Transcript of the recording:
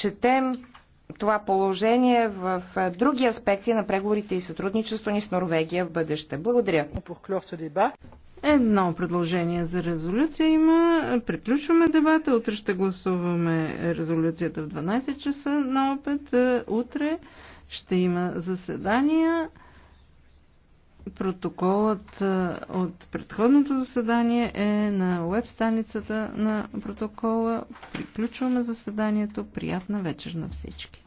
Четем това положение в други аспекти на преговорите и сътрудничество ни с Норвегия в бъдеще. Благодаря. Едно предложение за резолюция има. Приключваме дебата. Утре ще гласуваме резолюцията в 12 часа на опет. Утре ще има заседания. Протоколът от предходното заседание е на веб станицата на протокола. Приключваме заседанието. Приятна вечер на всички!